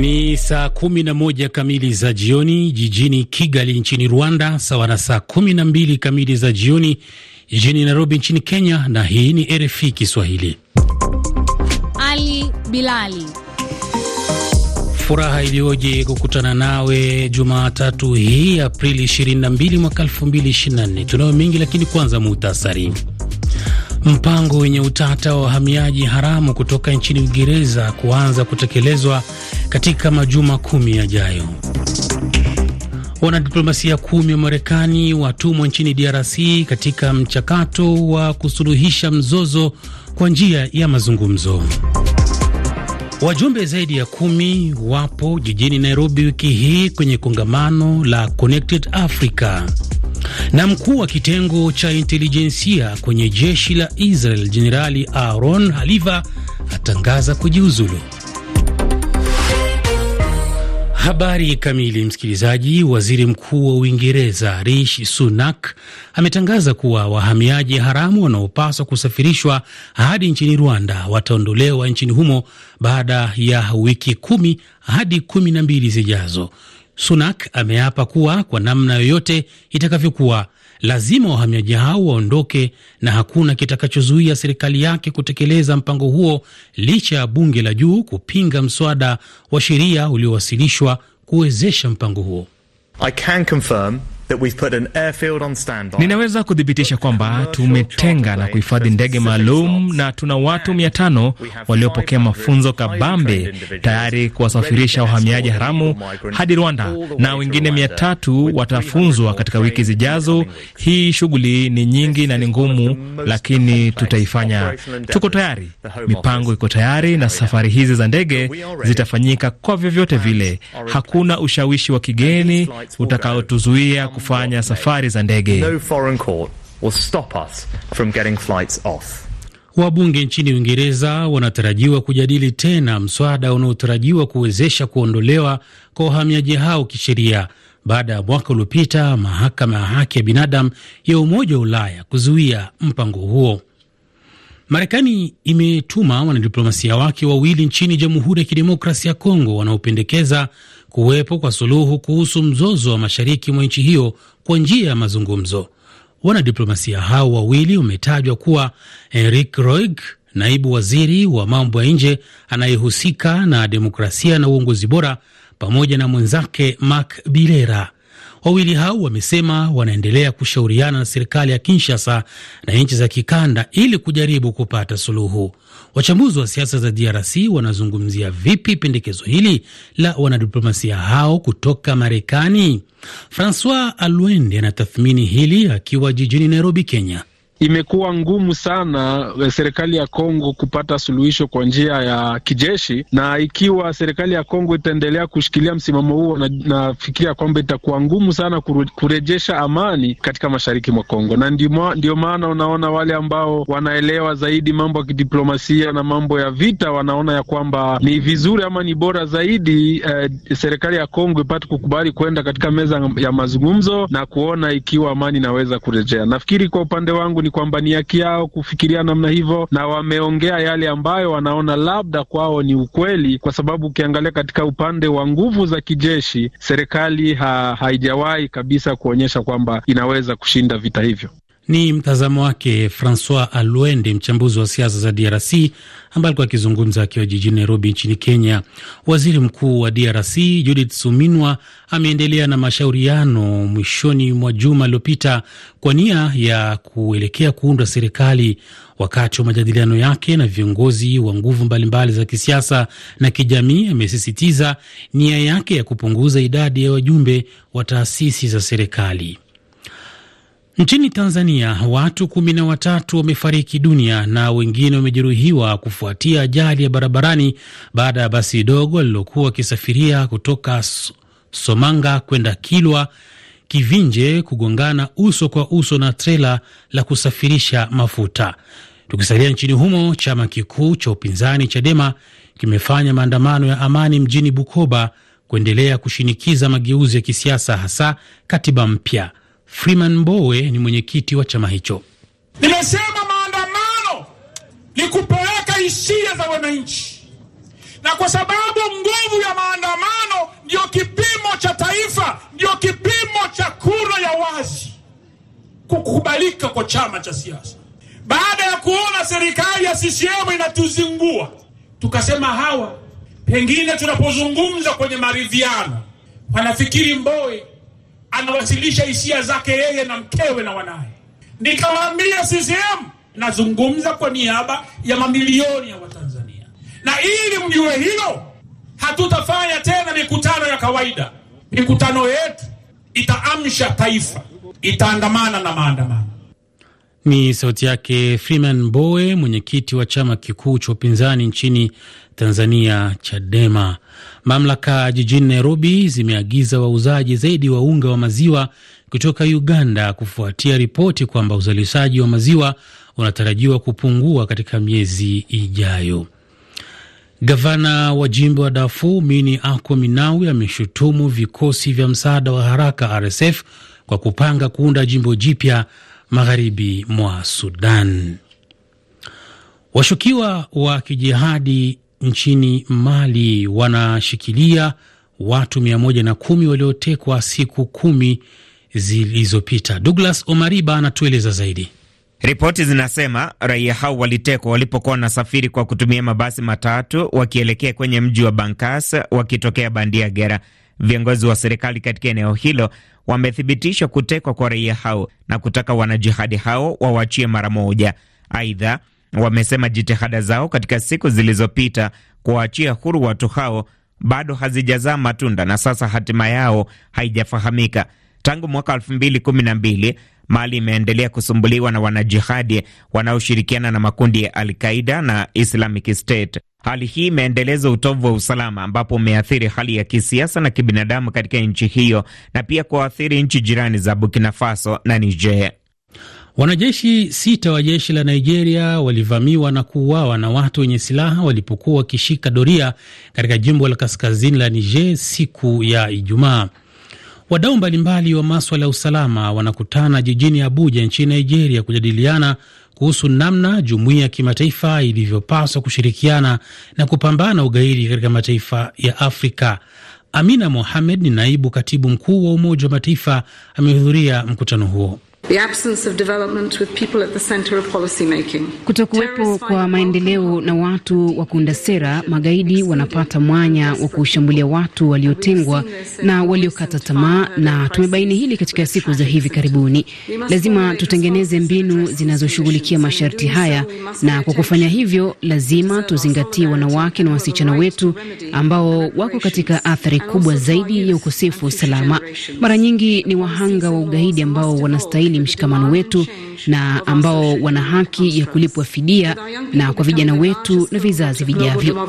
Ni saa kumi na moja kamili za jioni jijini Kigali nchini Rwanda, sawa na saa kumi na mbili kamili za jioni jijini Nairobi nchini Kenya. Na hii ni RFI Kiswahili. Ali Bilali, furaha iliyoje kukutana nawe Jumatatu hii Aprili 22 mwaka 2024. Tunayo mengi, lakini kwanza muhtasari Mpango wenye utata wa wahamiaji haramu kutoka nchini Uingereza kuanza kutekelezwa katika majuma kumi yajayo. Wanadiplomasia kumi wa Marekani watumwa nchini DRC katika mchakato wa kusuluhisha mzozo kwa njia ya mazungumzo. Wajumbe zaidi ya kumi wapo jijini Nairobi wiki hii kwenye kongamano la Connected Africa. Na mkuu wa kitengo cha intelijensia kwenye jeshi la Israel Jenerali Aaron Haliva atangaza kujiuzulu. Habari kamili, msikilizaji. Waziri Mkuu wa Uingereza Rishi Sunak ametangaza kuwa wahamiaji haramu wanaopaswa kusafirishwa hadi nchini Rwanda wataondolewa nchini humo baada ya wiki kumi hadi kumi na mbili zijazo. Sunak ameapa kuwa kwa namna yoyote itakavyokuwa lazima wahamiaji hao waondoke na hakuna kitakachozuia serikali yake kutekeleza mpango huo licha ya bunge la juu kupinga mswada wa sheria uliowasilishwa kuwezesha mpango huo. I can confirm Ninaweza kuthibitisha kwamba tumetenga na kuhifadhi ndege maalum na tuna watu mia tano waliopokea mafunzo kabambe tayari kuwasafirisha wahamiaji haramu hadi Rwanda na wengine mia tatu watafunzwa katika wiki zijazo. Hii shughuli ni nyingi na ni ngumu, lakini tutaifanya. Tuko tayari, mipango iko tayari, na safari hizi za ndege zitafanyika kwa vyovyote vile. Hakuna ushawishi wa kigeni utakaotuzuia kufanya safari za ndege. Wabunge nchini Uingereza wanatarajiwa kujadili tena mswada unaotarajiwa kuwezesha kuondolewa kwa wahamiaji hao kisheria baada ya mwaka uliopita mahakama ya haki ya binadamu ya Umoja wa Ulaya kuzuia mpango huo. Marekani imetuma wanadiplomasia wake wawili nchini Jamhuri ya kidemokrasi ya Kongo wanaopendekeza kuwepo kwa suluhu kuhusu mzozo wa mashariki mwa nchi hiyo kwa njia ya mazungumzo. Wanadiplomasia hao wawili wametajwa kuwa Henrik Roig, naibu waziri wa mambo ya nje anayehusika na demokrasia na uongozi bora, pamoja na mwenzake mak Bilera. Wawili hao wamesema wanaendelea kushauriana na serikali ya Kinshasa na nchi za kikanda ili kujaribu kupata suluhu. Wachambuzi wa siasa za DRC wanazungumzia vipi pendekezo hili la wanadiplomasia hao kutoka Marekani? Francois Alwende anatathmini hili akiwa jijini Nairobi, Kenya imekuwa ngumu sana eh, serikali ya Kongo kupata suluhisho kwa njia ya kijeshi, na ikiwa serikali ya Kongo itaendelea kushikilia msimamo huo, nafikiria na kwamba itakuwa ngumu sana kurejesha amani katika mashariki mwa Kongo, na ndio maana unaona wale ambao wanaelewa zaidi mambo ya kidiplomasia na mambo ya vita wanaona ya kwamba ni vizuri ama ni bora zaidi eh, serikali ya Kongo ipate kukubali kwenda katika meza ya mazungumzo na kuona ikiwa amani inaweza kurejea. Nafikiri kwa upande wangu ni kwamba ni haki yao kufikiria namna hivyo, na wameongea yale ambayo wanaona labda kwao ni ukweli, kwa sababu ukiangalia katika upande wa nguvu za kijeshi serikali ha, haijawahi kabisa kuonyesha kwamba inaweza kushinda vita hivyo. Ni mtazamo wake Francois Alwende, mchambuzi wa siasa za DRC ambaye alikuwa akizungumza akiwa jijini Nairobi nchini Kenya. Waziri Mkuu wa DRC Judith Suminwa ameendelea na mashauriano mwishoni mwa juma aliyopita kwa nia ya kuelekea kuundwa serikali. Wakati wa majadiliano yake na viongozi wa nguvu mbalimbali za kisiasa na kijamii, amesisitiza nia yake ya kupunguza idadi ya wajumbe wa taasisi za serikali. Nchini Tanzania watu kumi na watatu wamefariki dunia na wengine wamejeruhiwa kufuatia ajali ya barabarani baada ya basi dogo lililokuwa wakisafiria kutoka Somanga kwenda Kilwa Kivinje kugongana uso kwa uso na trela la kusafirisha mafuta. Tukisalia nchini humo, chama kikuu cha upinzani Chadema kimefanya maandamano ya amani mjini Bukoba kuendelea kushinikiza mageuzi ya kisiasa, hasa katiba mpya. Freeman Mbowe ni mwenyekiti wa chama hicho. Nimesema maandamano ni kupeleka hisia za wananchi, na kwa sababu nguvu ya maandamano ndiyo kipimo cha taifa, ndiyo kipimo cha kura ya wazi, kukubalika kwa chama cha siasa. Baada ya kuona serikali ya CCM inatuzingua, tukasema hawa, pengine tunapozungumza kwenye maridhiano, wanafikiri Mbowe anawasilisha hisia zake yeye na mkewe na wanaye. Nikawaambia CCM, nazungumza kwa niaba ya mamilioni ya Watanzania, na ili mjue hilo, hatutafanya tena mikutano ya kawaida. Mikutano yetu itaamsha taifa, itaandamana na maandamano. Ni sauti yake Freeman Mbowe, mwenyekiti wa chama kikuu cha upinzani nchini Tanzania, Chadema. Mamlaka jijini Nairobi zimeagiza wauzaji zaidi wa unga wa maziwa kutoka Uganda kufuatia ripoti kwamba uzalishaji wa maziwa unatarajiwa kupungua katika miezi ijayo. Gavana wa jimbo wa Darfur Mini Akwa Minawi ameshutumu vikosi vya msaada wa haraka RSF kwa kupanga kuunda jimbo jipya magharibi mwa Sudan. Washukiwa wa kijihadi nchini Mali wanashikilia watu 110 waliotekwa siku kumi zilizopita. Douglas Omariba anatueleza zaidi. Ripoti zinasema raia hao walitekwa walipokuwa wanasafiri kwa kutumia mabasi matatu wakielekea kwenye mji wa Bankas wakitokea bandia Gera. Viongozi wa serikali katika eneo hilo wamethibitisha kutekwa kwa raia hao na kutaka wanajihadi hao wawachie mara moja. Aidha, Wamesema jitihada zao katika siku zilizopita kuwaachia huru watu hao bado hazijazaa matunda na sasa hatima yao haijafahamika. Tangu mwaka 2012 Mali imeendelea kusumbuliwa na wanajihadi wanaoshirikiana na makundi ya Al-Qaida na Islamic State. Hali hii imeendeleza utovu wa usalama ambapo umeathiri hali ya kisiasa na kibinadamu katika nchi hiyo na pia kuathiri nchi jirani za Burkina Faso na Niger. Wanajeshi sita wa jeshi la Nigeria walivamiwa na kuuawa na watu wenye silaha walipokuwa wakishika doria katika jimbo la kaskazini la Niger siku ya Ijumaa. Wadau mbalimbali wa maswala ya usalama wanakutana jijini Abuja nchini Nigeria kujadiliana kuhusu namna jumuiya ya kimataifa ilivyopaswa kushirikiana na kupambana ugaidi katika mataifa ya Afrika. Amina Mohamed ni naibu katibu mkuu wa Umoja wa Mataifa, amehudhuria mkutano huo. Kutokuwepo kwa maendeleo na watu wa kuunda sera, magaidi wanapata mwanya wa kushambulia watu waliotengwa na waliokata tamaa, na tumebaini hili katika siku za hivi karibuni. Lazima tutengeneze mbinu zinazoshughulikia masharti haya, na kwa kufanya hivyo, lazima tuzingatie wanawake na wasichana wetu ambao wako katika athari kubwa zaidi ya ukosefu wa usalama. Mara nyingi ni wahanga wa ugaidi ambao wanastahili kwenye mshikamano wetu na ambao wana haki ya kulipwa fidia na kwa vijana wetu na vizazi vijavyo.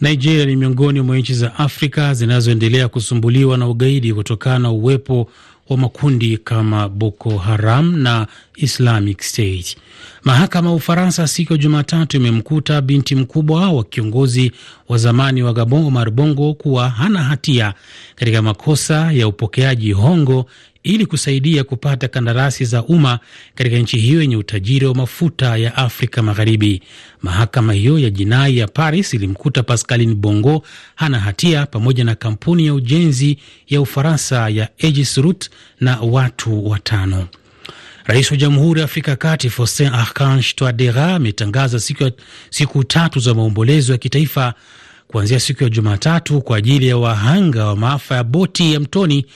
Nigeria ni miongoni mwa nchi za Afrika zinazoendelea kusumbuliwa na ugaidi kutokana na uwepo wa makundi kama Boko Haram na Islamic State. Mahakama ya Ufaransa siku ya Jumatatu imemkuta binti mkubwa wa kiongozi wa zamani wa Gabon Omar Bongo kuwa hana hatia katika makosa ya upokeaji hongo ili kusaidia kupata kandarasi za umma katika nchi hiyo yenye utajiri wa mafuta ya Afrika Magharibi. Mahakama hiyo ya jinai ya Paris ilimkuta Pascaline Bongo hana hatia pamoja na kampuni ya ujenzi ya Ufaransa ya Aegis Route na watu watano. Rais wa Jamhuri ya Afrika ya Kati Faustin Archange Touadera ametangaza siku, siku tatu za maombolezo ya kitaifa kuanzia siku ya Jumatatu kwa ajili ya wahanga wa maafa ya boti ya mtoni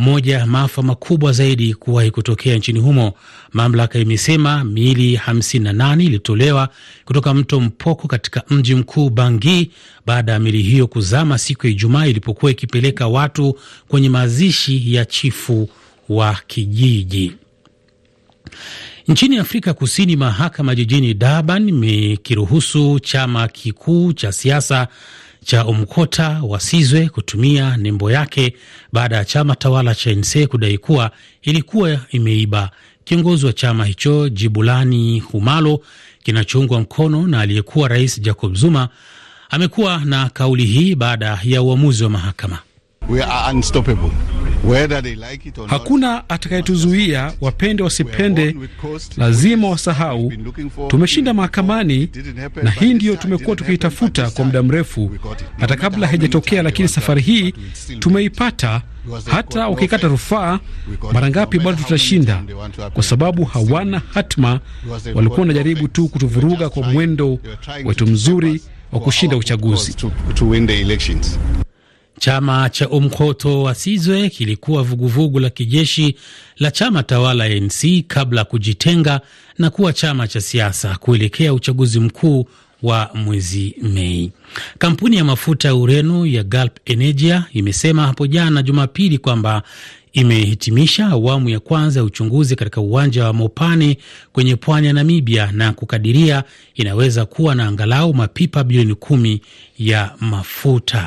moja ya maafa makubwa zaidi kuwahi kutokea nchini humo. Mamlaka imesema miili 58 ilitolewa kutoka mto Mpoko katika mji mkuu bangi baada ya miili hiyo kuzama siku ya Ijumaa ilipokuwa ikipeleka watu kwenye mazishi ya chifu wa kijiji. Nchini Afrika Kusini, mahakama jijini Durban imekiruhusu chama kikuu cha siasa cha Umkota Wasizwe kutumia nembo yake baada ya chama tawala cha NC kudai kuwa ilikuwa imeiba. Kiongozi wa chama hicho Jibulani Humalo, kinachoungwa mkono na aliyekuwa rais Jacob Zuma, amekuwa na kauli hii baada ya uamuzi wa mahakama. We are unstoppable hakuna atakayetuzuia. Wapende wasipende, lazima wasahau. Tumeshinda mahakamani, na hii ndiyo tumekuwa tukiitafuta kwa muda mrefu, hata kabla haijatokea, lakini safari hii tumeipata. Hata wakikata rufaa mara ngapi, bado tutashinda, kwa sababu hawana hatma. Walikuwa wanajaribu tu kutuvuruga kwa mwendo wetu mzuri wa kushinda uchaguzi. Chama cha Umkhonto wa Sizwe kilikuwa vuguvugu la kijeshi la chama tawala ANC kabla ya kujitenga na kuwa chama cha siasa kuelekea uchaguzi mkuu wa mwezi Mei. Kampuni ya mafuta ya Ureno ya Galp Energia imesema hapo jana Jumapili kwamba imehitimisha awamu ya kwanza ya uchunguzi katika uwanja wa Mopane kwenye pwani ya Namibia na kukadiria inaweza kuwa na angalau mapipa bilioni kumi ya mafuta.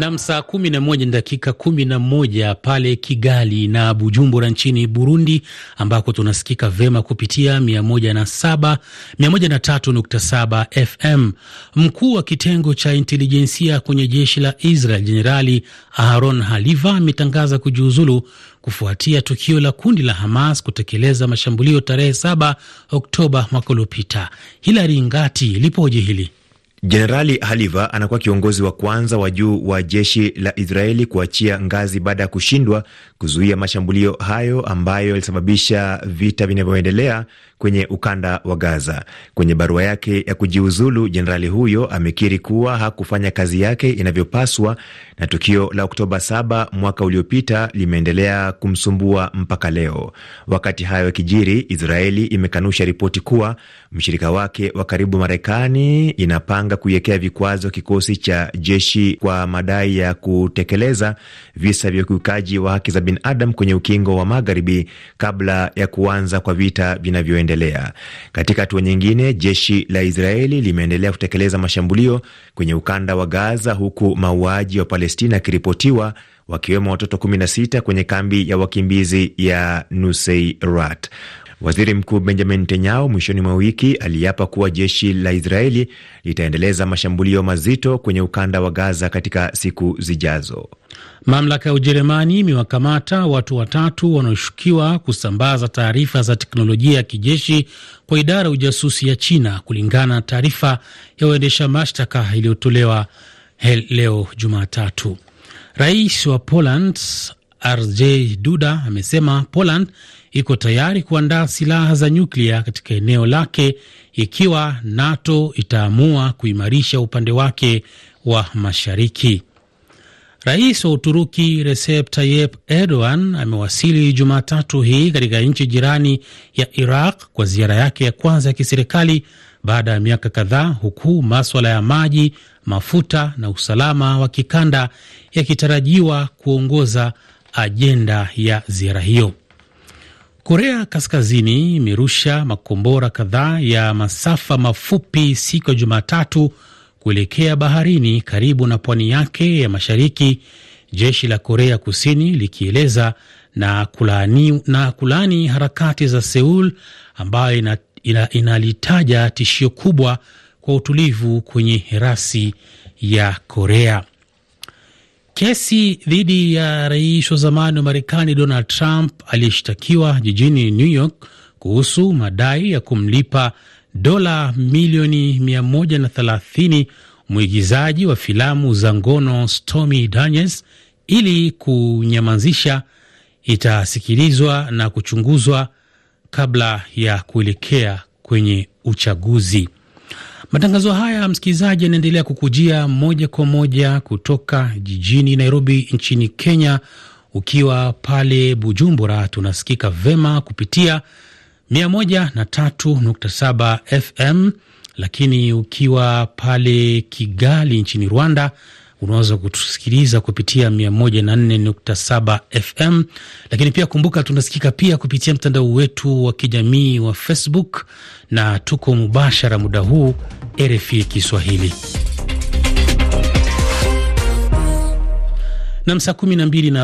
Nam, saa kumi na moja na dakika kumi na moja pale Kigali na Bujumbura nchini Burundi, ambako tunasikika vema kupitia mia moja na saba mia moja na tatu nukta saba FM. Mkuu wa kitengo cha intelijensia kwenye jeshi la Israel Jenerali Aharon Haliva ametangaza kujiuzulu kufuatia tukio la kundi la Hamas kutekeleza mashambulio tarehe saba Oktoba mwaka uliopita. Hilari Ngati lipoje hili Jenerali Haliva anakuwa kiongozi wa kwanza wa juu wa jeshi la Israeli kuachia ngazi baada ya kushindwa kuzuia mashambulio hayo ambayo yalisababisha vita vinavyoendelea kwenye ukanda wa Gaza. Kwenye barua yake ya kujiuzulu, jenerali huyo amekiri kuwa hakufanya kazi yake inavyopaswa na tukio la Oktoba 7 mwaka uliopita limeendelea kumsumbua mpaka leo. Wakati hayo yakijiri, Israeli imekanusha ripoti kuwa mshirika wake wa karibu Marekani inapanga kuiwekea vikwazo kikosi cha jeshi kwa madai ya kutekeleza visa vya ukiukaji wa haki za binadamu kwenye ukingo wa magharibi kabla ya kuanza kwa vita vinavyoendelea. Katika hatua nyingine, jeshi la Israeli limeendelea kutekeleza mashambulio kwenye ukanda wa Gaza, huku mauaji wa Palestina yakiripotiwa wakiwemo watoto 16 kwenye kambi ya wakimbizi ya Nuseirat. Waziri Mkuu Benjamin Netanyahu mwishoni mwa wiki aliapa kuwa jeshi la Israeli litaendeleza mashambulio mazito kwenye ukanda wa Gaza katika siku zijazo. Mamlaka ya Ujerumani imewakamata watu watatu wanaoshukiwa kusambaza taarifa za teknolojia ya kijeshi kwa idara ya ujasusi ya China, kulingana na taarifa ya waendesha mashtaka iliyotolewa leo Jumatatu. Rais wa Poland RJ Duda amesema Poland iko tayari kuandaa silaha za nyuklia katika eneo lake ikiwa NATO itaamua kuimarisha upande wake wa mashariki. Rais wa Uturuki Recep Tayyip Erdogan amewasili Jumatatu hii katika nchi jirani ya Iraq kwa ziara yake ya kwanza ya kiserikali baada ya miaka kadhaa, huku maswala ya maji, mafuta na usalama wa kikanda yakitarajiwa kuongoza ajenda ya ziara hiyo. Korea Kaskazini imerusha makombora kadhaa ya masafa mafupi siku ya Jumatatu kuelekea baharini karibu na pwani yake ya mashariki, jeshi la Korea Kusini likieleza na kulaani, na kulaani harakati za Seul ambayo ina, ina, inalitaja tishio kubwa kwa utulivu kwenye rasi ya Korea. Kesi dhidi ya rais wa zamani wa Marekani Donald Trump aliyeshtakiwa jijini New York kuhusu madai ya kumlipa dola milioni 130 mwigizaji wa filamu za ngono Stormy Daniels ili kunyamazisha itasikilizwa na kuchunguzwa kabla ya kuelekea kwenye uchaguzi. Matangazo haya msikilizaji, yanaendelea kukujia moja kwa moja kutoka jijini Nairobi nchini Kenya. Ukiwa pale Bujumbura, tunasikika vema kupitia 103.7 FM, lakini ukiwa pale Kigali nchini Rwanda Unaweza kutusikiliza kupitia 104.7 FM, lakini pia kumbuka, tunasikika pia kupitia mtandao wetu wa kijamii wa Facebook na tuko mubashara muda huu RFI Kiswahili na saa 12 na